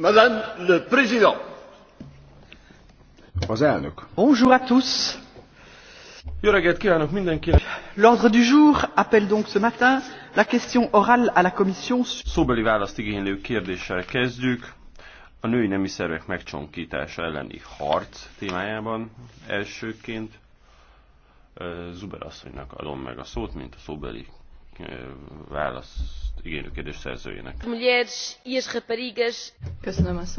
Madame le Président. Az elnök. Bonjour à tous. Jó reggelt kívánok mindenkinek. L'ordre du jour appelle donc ce matin la question orale à la Commission. Szóbeli választ igénylő kérdéssel kezdjük. A női nemi szervek megcsonkítása elleni harc témájában elsőként Zuber asszonynak adom meg a szót, mint a szóbeli válasz igénylő kérdés szerzőjének. E